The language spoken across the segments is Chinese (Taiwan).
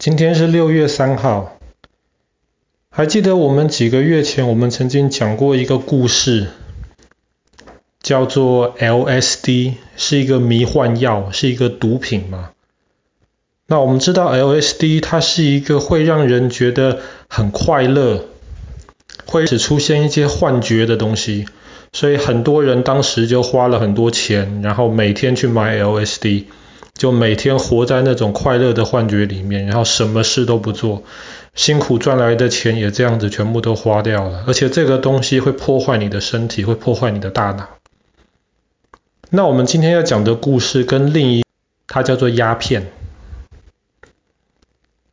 今天是六月三號，還記得我們幾個月前我們曾經講過一個故事，叫做 LSD，是一個迷幻藥，是一個毒品嘛？那我們知道 LSD 它是一個會讓人覺得很快樂，會使出現一些幻覺的東西，所以很多人當時就花了很多錢，然後每天去買 LSD。就每天活在那種快樂的幻覺裡面，然後什麼事都不做，辛苦賺來的錢也這樣子全部都花掉了。而且這個東西會破壞你的身體，會破壞你的大腦。那我們今天要講的故事跟另一，它叫做鴉片。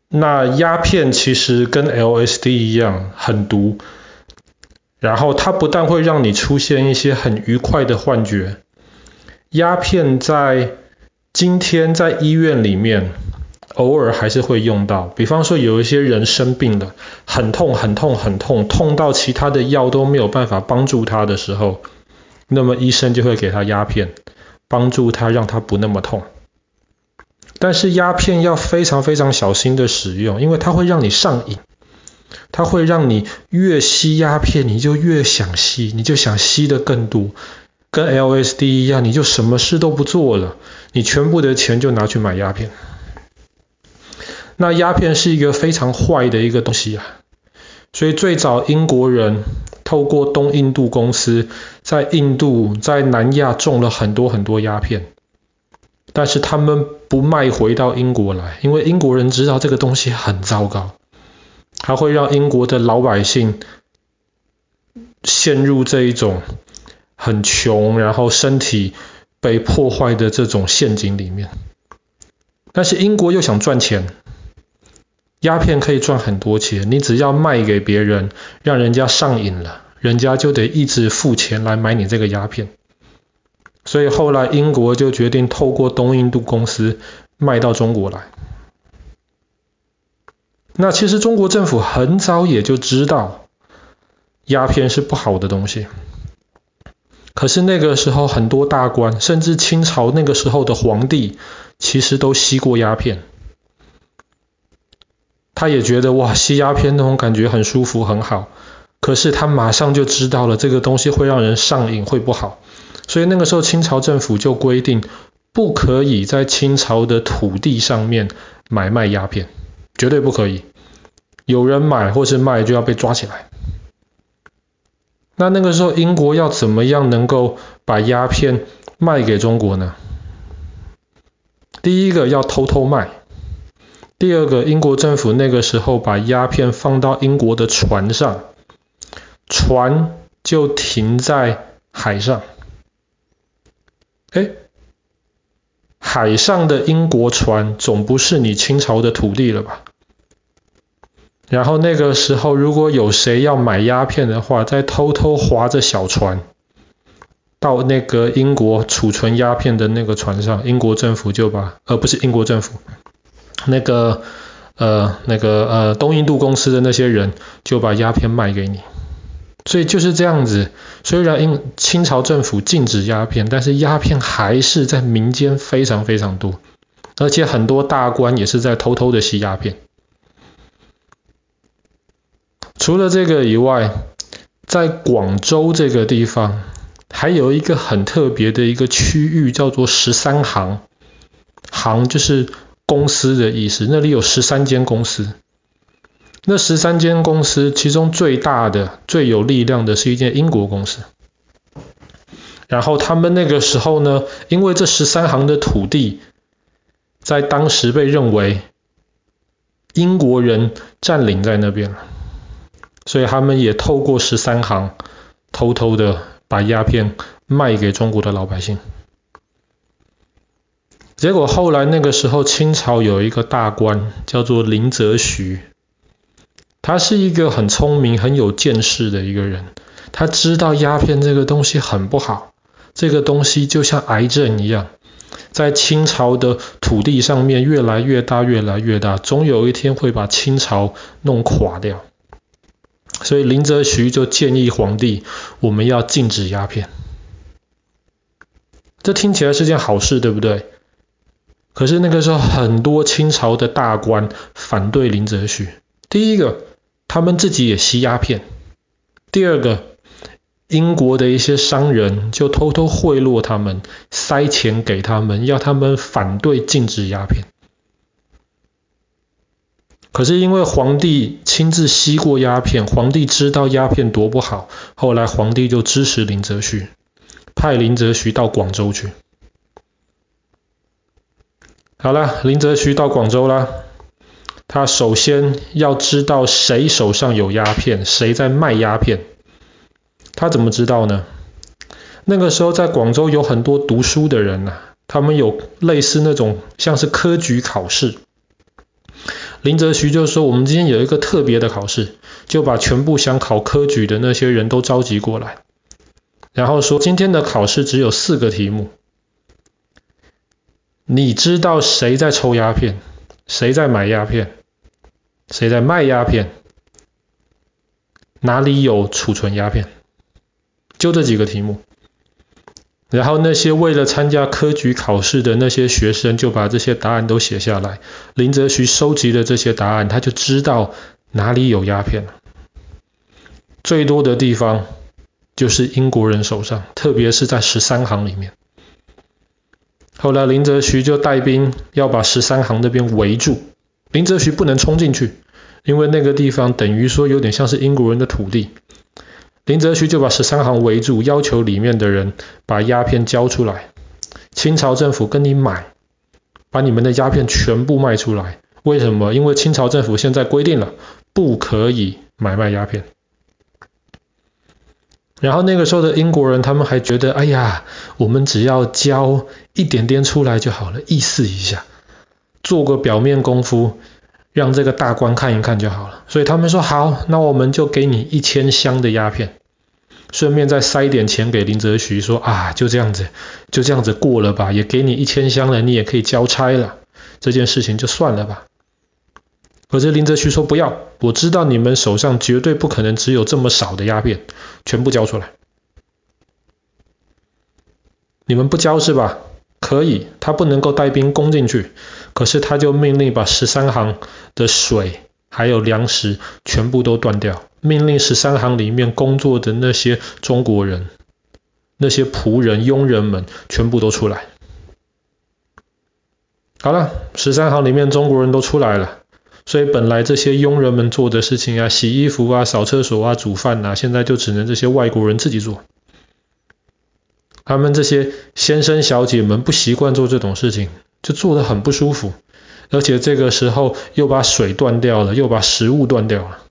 那鴉片其實跟 LSD 一樣很毒，然後它不但會讓你出現一些很愉快的幻覺，鴉片在今天在醫院裡面，偶爾還是會用到。比方說，有一些人生病了，很痛，很痛，很痛，痛到其他的藥都沒有辦法幫助他的時候，那麼醫生就會給他鴉片，幫助他，讓他不那麼痛。但是鴉片要非常非常小心地使用，因為它會讓你上癮，它會讓你越吸鴉片，你就越想吸，你就想吸得更多。跟 LSD 一樣，你就什麼事都不做了，你全部的錢就拿去買鴉片。那鴉片是一個非常壞的一個東西啊，所以最早英國人透過東印度公司在印度、在南亞種了很多很多鴉片，但是他們不賣回到英國來，因為英國人知道這個東西很糟糕，它會讓英國的老百姓陷入這一種。很窮，然後身體被破壞的這種陷阱裡面。但是英國又想賺錢，鴉片可以賺很多錢，你只要賣給別人，讓人家上癮了，人家就得一直付錢來買你這個鴉片。所以後來英國就決定透過東印度公司賣到中國來。那其實中國政府很早也就知道，鴉片是不好的東西。可是那個時候，很多大官，甚至清朝那個時候的皇帝，其實都吸過鴉片。他也覺得哇，吸鴉片那種感覺很舒服，很好。可是他馬上就知道了，這個東西會讓人上癮，會不好。所以那個時候清朝政府就規定，不可以在清朝的土地上面買賣鴉片，絕對不可以。有人買或是賣，就要被抓起來。那那個時候，英國要怎麼樣能夠把鴉片賣給中國呢？第一個要偷偷賣，第二個，英國政府那個時候把鴉片放到英國的船上，船就停在海上。哎，海上的英國船總不是你清朝的土地了吧？然後那個時候，如果有誰要買鴉片的話，再偷偷划着小船到那個英國儲存鴉片的那個船上，英國政府就把，而、呃、不是英國政府，那個呃那個呃東印度公司的那些人就把鴉片賣給你。所以就是這樣子。雖然英清朝政府禁止鴉片，但是鴉片還是在民間非常非常多，而且很多大官也是在偷偷的吸鴉片。除了這個以外，在廣州這個地方，還有一個很特別的一個區域，叫做十三行。行就是公司的意思，那裡有十三間公司。那十三間公司其中最大的、最有力量的是一間英國公司。然後他們那個時候呢，因為這十三行的土地，在當時被認為英國人占領在那邊了。所以他們也透過十三行，偷偷的把鴉片賣給中國的老百姓。結果後來那個時候，清朝有一個大官叫做林則徐，他是一個很聰明、很有見識的一個人。他知道鴉片這個東西很不好，這個東西就像癌症一樣，在清朝的土地上面越來越大、越來越大，總有一天會把清朝弄垮掉。所以林則徐就建議皇帝，我們要禁止鴉片。這聽起來是件好事，對不對？可是那個時候，很多清朝的大官反對林則徐。第一個，他們自己也吸鴉片；第二個，英國的一些商人就偷偷賄賂他們，塞錢給他們，要他們反對禁止鴉片。可是因為皇帝親自吸過鴉片，皇帝知道鴉片多不好，後來皇帝就支持林則徐，派林則徐到廣州去。好了，林則徐到廣州啦，他首先要知道誰手上有鴉片，誰在賣鴉片，他怎麼知道呢？那個時候在廣州有很多讀書的人啊，他們有類似那種像是科舉考試。林則徐就說：“我們今天有一個特別的考試，就把全部想考科舉的那些人都召集過來，然後說今天的考試只有四個題目：你知道誰在抽鴉片，誰在買鴉片，誰在賣鴉片，哪裡有儲存鴉片？就這幾個題目。”然後那些為了參加科舉考試的那些學生就把這些答案都寫下來。林則徐收集了這些答案，他就知道哪裡有鴉片了。最多的地方就是英國人手上，特別是在十三行裡面。後來林則徐就帶兵要把十三行那邊圍住。林則徐不能衝進去，因為那個地方等於說有點像是英國人的土地。林則徐就把十三行圍住，要求裡面的人把鴉片交出來。清朝政府，跟你買，把你們的鴉片全部賣出來。為什麼？因為清朝政府現在規定了，不可以買賣鴉片。然後那個時候的英國人，他們還覺得，哎呀，我們只要交一點點出來就好了，意思一下，做個表面功夫，讓這個大官看一看就好了。所以他們說好，那我們就給你一千箱的鴉片。順便再塞點錢給林則徐說，說啊，就這樣子，就這樣子過了吧，也給你一千箱了，你也可以交差了，這件事情就算了吧。可是林則徐說不要，我知道你們手上絕對不可能只有這麼少的鴉片，全部交出來。你們不交是吧？可以，他不能夠帶兵攻進去，可是他就命令把十三行的水還有糧食全部都斷掉。命令十三行裡面工作的那些中國人、那些僕人、傭人們全部都出來。好了，十三行裡面中國人都出來了，所以本來這些傭人們做的事情啊，洗衣服啊、掃廁所啊、煮飯啊，現在就只能這些外國人自己做。他們這些先生小姐們不習慣做這種事情，就做得很不舒服，而且這個時候又把水斷掉了，又把食物斷掉了。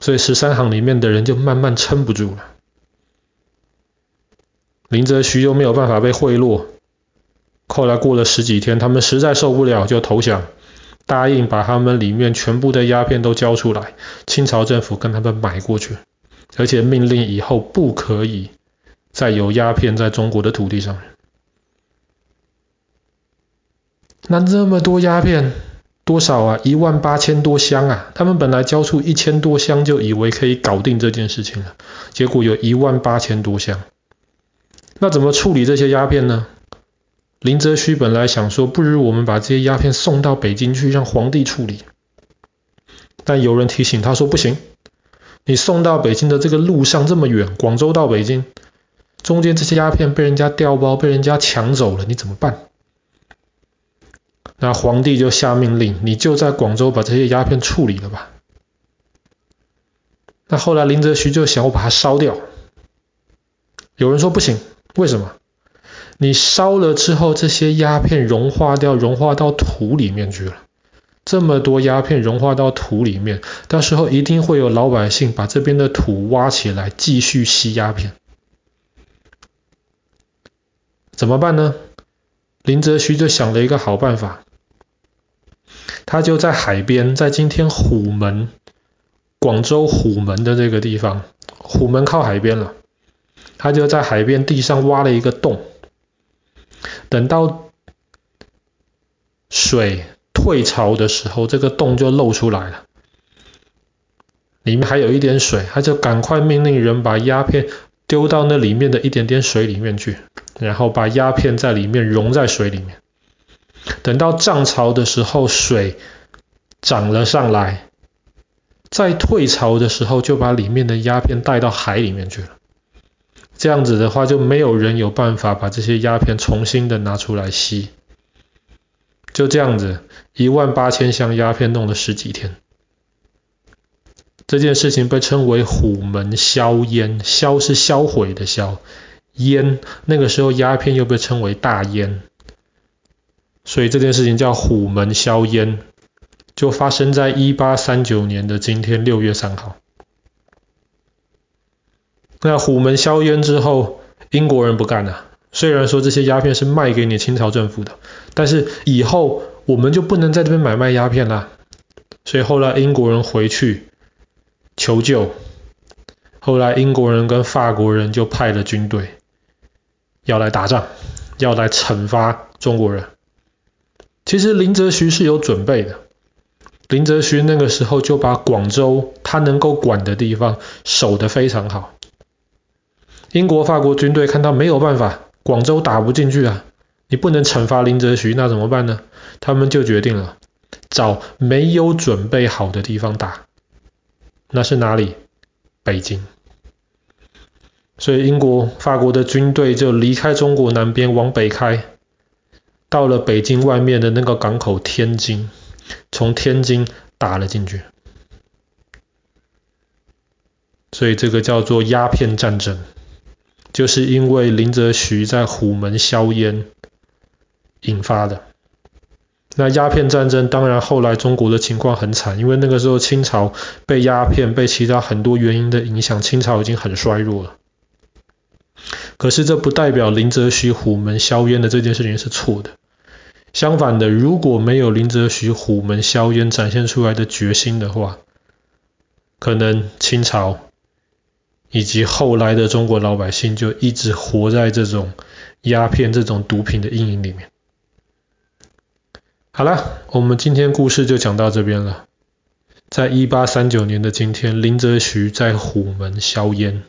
所以十三行裡面的人就慢慢撐不住了。林則徐又沒有辦法被賄賂，後來過了十幾天，他們實在受不了，就投降，答應把他們裡面全部的鴉片都交出來，清朝政府跟他們買過去，而且命令以後不可以再有鴉片在中國的土地上。那這麼多鴉片。多少啊？一萬八千多箱啊！他們本來交出一千多箱，就以為可以搞定這件事情了，結果有一萬八千多箱。那怎麼處理這些鴉片呢？林則徐本來想說，不如我們把這些鴉片送到北京去，讓皇帝處理。但有人提醒他說，不行，你送到北京的這個路上這麼遠，廣州到北京，中間這些鴉片被人家調包，被人家搶走了，你怎麼辦？那皇帝就下命令，你就在廣州把這些鴉片處理了吧。那後來林則徐就想，我把它燒掉。有人說不行，為什麼？你燒了之後，這些鴉片融化掉，融化到土裡面去了。這麼多鴉片融化到土裡面，到時候一定會有老百姓把這邊的土挖起來繼續吸鴉片。怎麼辦呢？林則徐就想了一個好辦法。他就在海邊，在今天虎門、廣州虎門的這個地方，虎門靠海邊了。他就在海邊地上挖了一個洞，等到水退潮的時候，這個洞就露出來了，裡面還有一點水，他就趕快命令人把鴉片丟到那裡面的一點點水裡面去，然後把鴉片在裡面溶在水裡面。等到漲潮的時候，水漲了上來，再退潮的時候，就把裡面的鴉片帶到海裡面去了。這樣子的話，就沒有人有辦法把這些鴉片重新的拿出來吸。就這樣子，一萬八千箱鴉片弄了十幾天，這件事情被稱為虎門銷煙，銷是銷毀的銷，煙，那個時候鴉片又被稱為大煙。所以這件事情叫虎門銷煙，就發生在一八三九年的今天六月三號。那虎門銷煙之後，英國人不幹了。雖然說這些鴉片是賣給你清朝政府的，但是以後我們就不能在這邊買賣鴉片了。所以後來英國人回去求救，後來英國人跟法國人就派了軍隊要來打仗，要來懲罰中國人。其實林則徐是有準備的，林則徐那個時候就把廣州他能夠管的地方守得非常好。英國、法國軍隊看到沒有辦法，廣州打不進去啊，你不能懲罰林則徐，那怎麼辦呢？他們就決定了，找沒有準備好的地方打，那是哪裡？北京。所以英國、法國的軍隊就離開中國南邊，往北開。到了北京外面的那個港口天津，從天津打了進去，所以這個叫做鴉片戰爭，就是因為林則徐在虎門銷煙引發的。那鴉片戰爭當然後來中國的情況很慘，因為那個時候清朝被鴉片被其他很多原因的影響，清朝已經很衰弱了。可是這不代表林則徐虎門銷煙的這件事情是錯的。相反的，如果沒有林則徐虎門銷煙展現出來的決心的話，可能清朝以及後來的中國老百姓就一直活在這種鴉片這種毒品的陰影裡面。好了，我們今天故事就講到這邊了。在1839年的今天，林則徐在虎門銷煙。